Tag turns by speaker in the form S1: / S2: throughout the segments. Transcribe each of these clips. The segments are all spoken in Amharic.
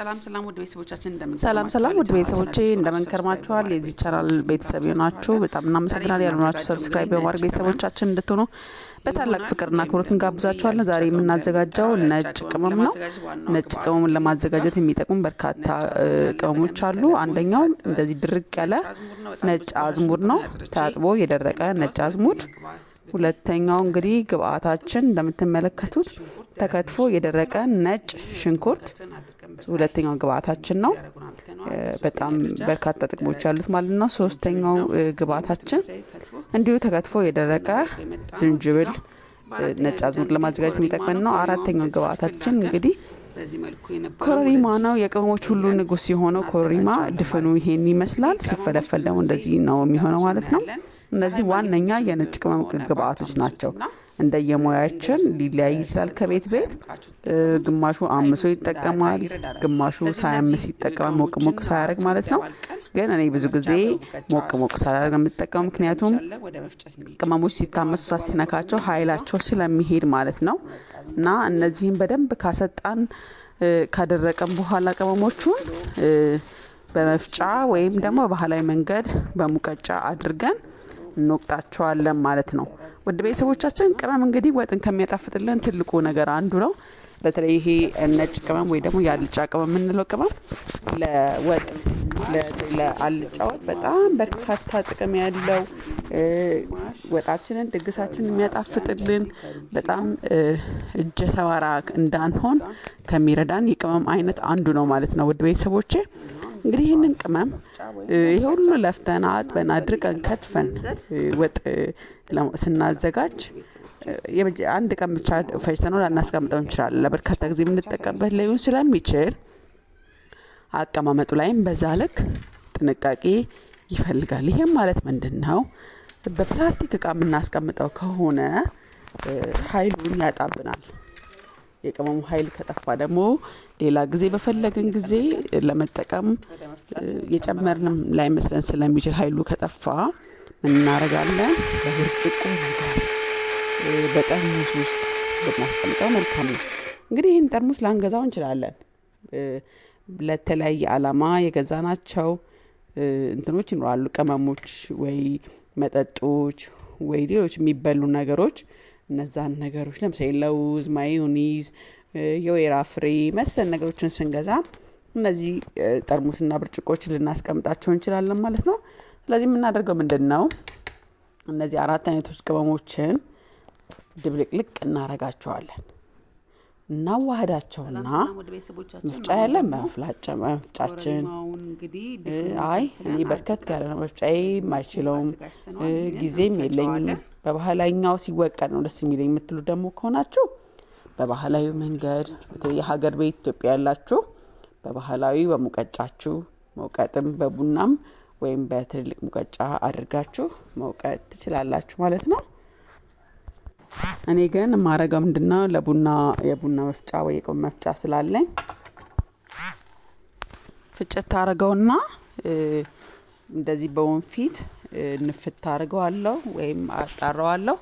S1: ሰላም ሰላም ውድ ቤተሰቦቻችን ሰላም ሰላም ውድ ቤተሰቦቼ ከርማችኋል? የዚህ ቻናል ቤተሰብ የሆናችሁ በጣም እናመሰግናል። ያልሆናችሁ ሰብስክራይብ በማድረግ ቤተሰቦቻችን እንድትሆኑ በታላቅ ፍቅርና ክብሮት እንጋብዛችኋለን። ዛሬ የምናዘጋጀው ነጭ ቅመም ነው። ነጭ ቅመሙን ለማዘጋጀት የሚጠቅሙ በርካታ ቅመሞች አሉ። አንደኛው እንደዚህ ድርቅ ያለ ነጭ አዝሙድ ነው፣ ታጥቦ የደረቀ ነጭ አዝሙድ። ሁለተኛው እንግዲህ ግብአታችን እንደምትመለከቱት ተከትፎ የደረቀ ነጭ ሽንኩርት ሁለተኛው ግብአታችን ነው። በጣም በርካታ ጥቅሞች ያሉት ማለት ነው። ሶስተኛው ግብአታችን እንዲሁ ተከትፎ የደረቀ ዝንጅብል፣ ነጭ አዝሙድ ለማዘጋጀት የሚጠቅመን ነው። አራተኛው ግብአታችን እንግዲህ ኮረሪማ ነው። የቅመሞች ሁሉ ንጉስ የሆነው ኮረሪማ ድፍኑ ይሄን ይመስላል። ሲፈለፈል ደግሞ እንደዚህ ነው የሚሆነው ማለት ነው። እነዚህ ዋነኛ የነጭ ቅመም ግብአቶች ናቸው። እንደየሙያችን ሊለያይ ይችላል። ከቤት ቤት ግማሹ አምሶ ይጠቀማል፣ ግማሹ ሳያምስ ይጠቀማል። ሞቅ ሞቅ ሳያደርግ ማለት ነው። ግን እኔ ብዙ ጊዜ ሞቅ ሞቅ ሳላደርግ የምጠቀመው ምክንያቱም ቅመሞች ሲታመሱ ሳሲነካቸው ኃይላቸው ስለሚሄድ ማለት ነው። እና እነዚህም በደንብ ካሰጣን ካደረቀን በኋላ ቅመሞቹን በመፍጫ ወይም ደግሞ ባህላዊ መንገድ በሙቀጫ አድርገን እንወቅጣቸዋለን ማለት ነው። ውድ ቤተሰቦቻችን ቅመም እንግዲህ ወጥን ከሚያጣፍጥልን ትልቁ ነገር አንዱ ነው። በተለይ ይሄ ነጭ ቅመም ወይ ደግሞ የአልጫ ቅመም የምንለው ቅመም ለወጥ ለአልጫ ወጥ በጣም በርካታ ጥቅም ያለው ወጣችንን፣ ድግሳችን የሚያጣፍጥልን በጣም እጀ ተባራ እንዳንሆን ከሚረዳን የቅመም አይነት አንዱ ነው ማለት ነው። ውድ ቤተሰቦቼ እንግዲህ ይህንን ቅመም ይሄ ሁሉ ለፍተን አጥበን አድርቀን ከትፈን ወጥ ስናዘጋጅ አንድ ቀን ብቻ ነው ላናስቀምጠው እንችላለን። ለበርካታ ጊዜ የምንጠቀምበት ላይሆን ስለሚችል አቀማመጡ ላይም በዛ ልክ ጥንቃቄ ይፈልጋል። ይህም ማለት ምንድን ነው? በፕላስቲክ እቃ የምናስቀምጠው ከሆነ ኃይሉን ያጣብናል። የቅመሙ ኃይል ከጠፋ ደግሞ ሌላ ጊዜ በፈለግን ጊዜ ለመጠቀም የጨመርንም ላይ መስለን ስለሚችል ኃይሉ ከጠፋ እናረጋለን እናደርጋለን? በብርጭቆ ነገር በጠርሙስ ውስጥ ብናስቀምጠው መልካም ነው። እንግዲህ ይህን ጠርሙስ ላንገዛው እንችላለን። ለተለያየ የገዛ የገዛናቸው እንትኖች ይኖራሉ። ቅመሞች ወይ መጠጦች ወይ ሌሎች የሚበሉ ነገሮች እነዛን ነገሮች ለምሳሌ ለውዝ፣ ማዮኒዝ የወይራ ፍሬ መሰል ነገሮችን ስንገዛ እነዚህ ጠርሙስና ብርጭቆች ልናስቀምጣቸው እንችላለን ማለት ነው። ስለዚህ የምናደርገው ምንድን ነው? እነዚህ አራት አይነቶች ቅመሞችን ድብልቅልቅ እናረጋቸዋለን። እናዋህዳቸውና መፍጫ ያለን መፍጫችን። አይ እኔ በርከት ያለ ነው መፍጫዬ፣ አይችለውም ጊዜም የለኝም፣ በባህላኛው ሲወቀድ ነው ደስ የሚለኝ የምትሉ ደግሞ ከሆናችሁ በባህላዊ መንገድ በተለይ ሀገር ቤት ኢትዮጵያ ያላችሁ በባህላዊ በሙቀጫችሁ መውቀጥም በቡናም ወይም በትልልቅ ሙቀጫ አድርጋችሁ መውቀጥ ትችላላችሁ ማለት ነው። እኔ ግን የማረገው ምንድነው ለቡና የቡና መፍጫ ወይ የቆም መፍጫ ስላለኝ ፍጭት ታደርገውና እንደዚህ በወንፊት ንፍት ታደርገዋለሁ ወይም አለው።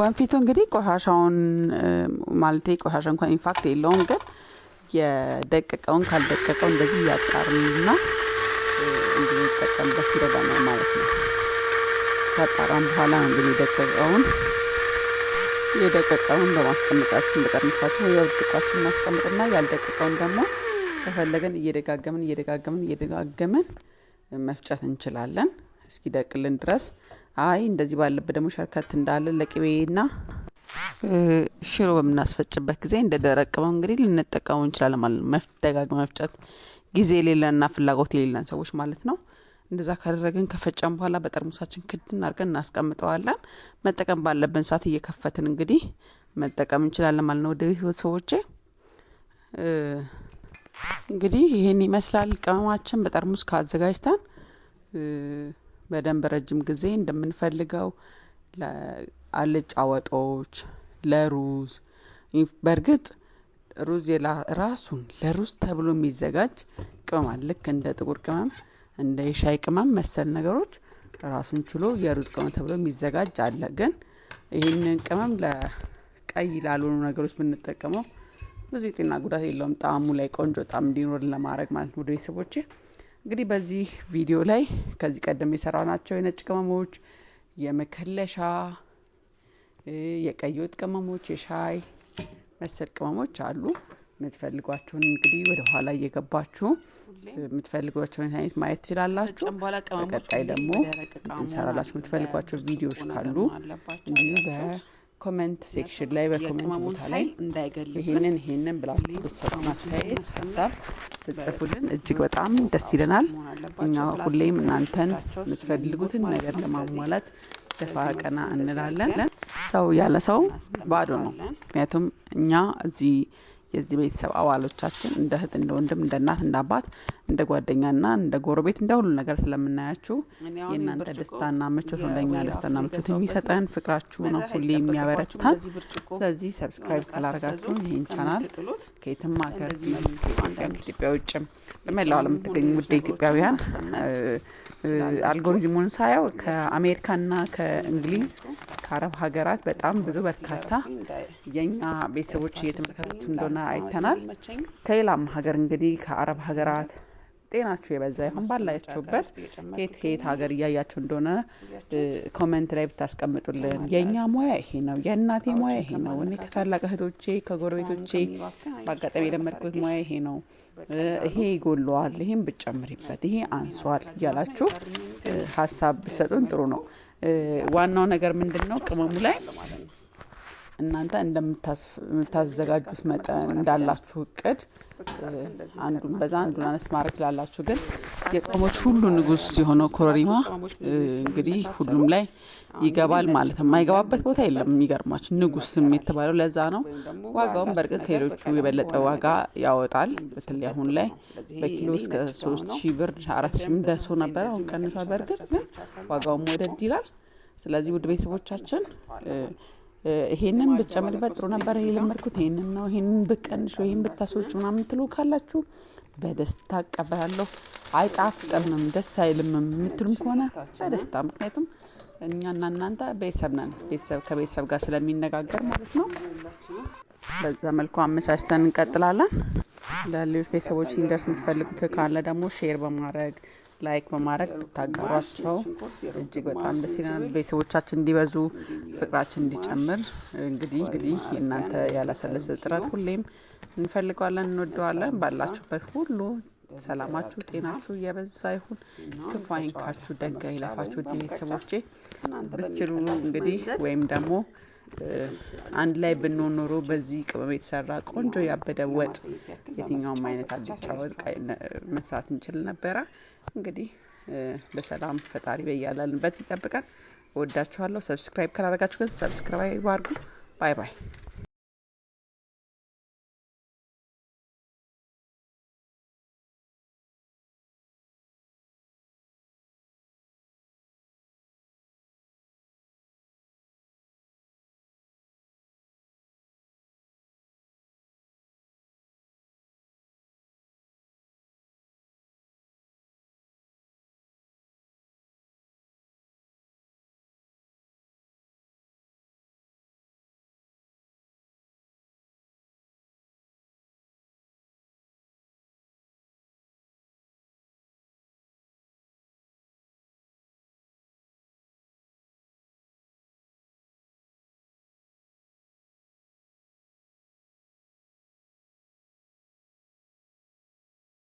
S1: ወንፊቱ እንግዲህ ቆሻሻውን ማለት ቆሻሻ እንኳን ኢንፋክት የለውም፣ ግን የደቀቀውን ካልደቀቀው እንደዚህ እያጣርንና እንድንጠቀምበት ይረዳናል ማለት ነው። ከጣራም በኋላ ነው እንግዲህ የደቀቀውን የደቀቀውን በማስቀመጫችን በጠርሙሳችን ወይ በብርጭቋችን ማስቀመጥና ያልደቀቀውን ደግሞ ከፈለገን እየደጋገምን እየደጋገምን እየደጋገምን መፍጨት እንችላለን እስኪ ደቅልን ድረስ አይ እንደዚህ ባለበት ደግሞ ሸርከት እንዳለ ና ሽሮ በምናስፈጭበት ጊዜ እንደ ደረቅ ቅመም እንግዲህ ልንጠቀመው እንችላለን ማለት ነው። መደጋግ መፍጨት ጊዜ የሌለንና ፍላጎት የሌለን ሰዎች ማለት ነው። እንደዛ ካደረግን ከፈጨን በኋላ በጠርሙሳችን ክድን አድርገን እናስቀምጠዋለን። መጠቀም ባለብን ሰዓት እየከፈትን እንግዲህ መጠቀም እንችላለን ማለት ነው። ወደ ህይወት ሰዎቼ እንግዲህ ይህን ይመስላል። ቅመማችን በጠርሙስ ካዘጋጅተን በደንብ ረጅም ጊዜ እንደምንፈልገው ለአልጫ ወጦች፣ ለሩዝ በእርግጥ ሩዝ ራሱን ለሩዝ ተብሎ የሚዘጋጅ ቅመም ልክ እንደ ጥቁር ቅመም፣ እንደ የሻይ ቅመም መሰል ነገሮች ራሱን ችሎ የሩዝ ቅመም ተብሎ የሚዘጋጅ አለ። ግን ይህንን ቅመም ለቀይ ላልሆኑ ነገሮች ብንጠቀመው ብዙ የጤና ጉዳት የለውም። ጣሙ ላይ ቆንጆ ጣም እንዲኖር ለማድረግ ማለት ነው። ወደ ቤተሰቦቼ እንግዲህ በዚህ ቪዲዮ ላይ ከዚህ ቀደም የሰራናቸው የነጭ ቅመሞች፣ የመከለሻ፣ የቀይ ወጥ ቅመሞች፣ የሻይ መሰል ቅመሞች አሉ። የምትፈልጓቸውን እንግዲህ ወደ ኋላ እየገባችሁ የምትፈልጓቸውን አይነት ማየት ትችላላችሁ። በቀጣይ ደግሞ እንሰራላችሁ የምትፈልጓቸው ቪዲዮዎች ካሉ እንዲሁ ኮመንት ሴክሽን ላይ በኮመንት ቦታ ላይ ይህንን ይህንን ብላችሁ ብትሰጡ ማስተያየት ሀሳብ ትጽፉልን እጅግ በጣም ደስ ይለናል። እኛ ሁሌም እናንተን የምትፈልጉትን ነገር ለማሟላት ደፋ ቀና እንላለን። ሰው ያለ ሰው ባዶ ነው። ምክንያቱም እኛ እዚህ የዚህ ቤተሰብ አባሎቻችን እንደ እህት፣ እንደ ወንድም፣ እንደ እናት፣ እንደ አባት፣ እንደ ጓደኛ ና እንደ ጎረቤት እንደ ሁሉ ነገር ስለምናያችሁ የእናንተ ደስታና ምቾት ለእኛ ደስታና ምቾት የሚሰጠን ፍቅራችሁ ነው፣ ሁሌ የሚያበረታ ስለዚህ ሰብስክራይብ ካላደረጋችሁ ይህን ቻናል ከየትም ሀገር ኢትዮጵያ ውጭም በመላው ዓለም የምትገኙ ውድ ኢትዮጵያውያን አልጎሪዝሙን ሳየው ከአሜሪካ ና ከእንግሊዝ ከአረብ ሀገራት በጣም ብዙ በርካታ የእኛ ቤተሰቦች እየተመለከታችሁ እንደሆነ እንደሆነ አይተናል። ከሌላም ሀገር እንግዲህ ከአረብ ሀገራት ጤናችሁ የበዛ ይሁን ባላያችሁበት ከየት ከየት ሀገር እያያችሁ እንደሆነ ኮመንት ላይ ብታስቀምጡልን። የእኛ ሙያ ይሄ ነው፣ የእናቴ ሙያ ይሄ ነው። እኔ ከታላቅ እህቶቼ ከጎረቤቶቼ በአጋጣሚ የለመድኩት ሙያ ይሄ ነው። ይሄ ይጎለዋል፣ ይሄም ብጨምሪበት፣ ይሄ አንሷል እያላችሁ ሀሳብ ብሰጡን ጥሩ ነው። ዋናው ነገር ምንድን ነው? ቅመሙ ላይ እናንተ እንደምታዘጋጁት መጠን እንዳላችሁ እቅድ አንዱን በዛ አንዱን አነስ ማድረግ ላላችሁ ግን የቅመሞች ሁሉ ንጉስ የሆነው ኮረሪማ እንግዲህ ሁሉም ላይ ይገባል ማለት ነው። የማይገባበት ቦታ የለም። የሚገርማችሁ ንጉስም የተባለው ለዛ ነው። ዋጋውም በእርግጥ ከሌሎቹ የበለጠ ዋጋ ያወጣል። በተለይ አሁን ላይ በኪሎ እስከ ሶስት ሺህ ብር አራት ሺህ ደሶ ነበረ። አሁን ቀንሷል። በእርግጥ ግን ዋጋውም ወደድ ይላል። ስለዚህ ውድ ቤተሰቦቻችን ይሄንን ብጨምር በጥሩ ነበር፣ ይሄ ይሄንን ነው፣ ይሄንን ብቀንሽ፣ ወይም ብታስወጪ ምናምን ትሉ ካላችሁ በደስታ እቀበላለሁ። አይጣፍጥምም፣ ደስ አይልምም የምትሉም ከሆነ በደስታ ምክንያቱም እኛና እናንተ ቤተሰብ ነን። ቤተሰብ ከቤተሰብ ጋር ስለሚነጋገር ማለት ነው። በዛ መልኩ አመቻችተን እንቀጥላለን። ለሌሎች ቤተሰቦች እንዲደርስ የምትፈልጉት ካለ ደግሞ ሼር በማድረግ ላይክ በማድረግ ብታጋሯቸው እጅግ በጣም ደስ ይለናል። ቤተሰቦቻችን እንዲበዙ ፍቅራችን እንዲጨምር እንግዲህ እንግዲህ የእናንተ ያላሰለሰ ጥረት ሁሌም እንፈልገዋለን፣ እንወደዋለን። ባላችሁበት ሁሉ ሰላማችሁ፣ ጤናችሁ እየበዙ ሳይሆን ክፉ አይንካችሁ፣ ደጋ ይለፋችሁ። ቤተሰቦቼ ብችሉ እንግዲህ ወይም ደግሞ አንድ ላይ ብንሆን ኖሮ በዚህ ቅመም የተሰራ ቆንጆ ያበደ ወጥ የትኛውም አይነት አልጫ ወጥ መስራት እንችል ነበረ። እንግዲህ በሰላም ፈጣሪ በያላልንበት ይጠብቀን። ወዳችኋለሁ ሰብስክራይብ ካላረጋችሁ ግን ሰብስክራይብ አርጉ ባይ ባይ።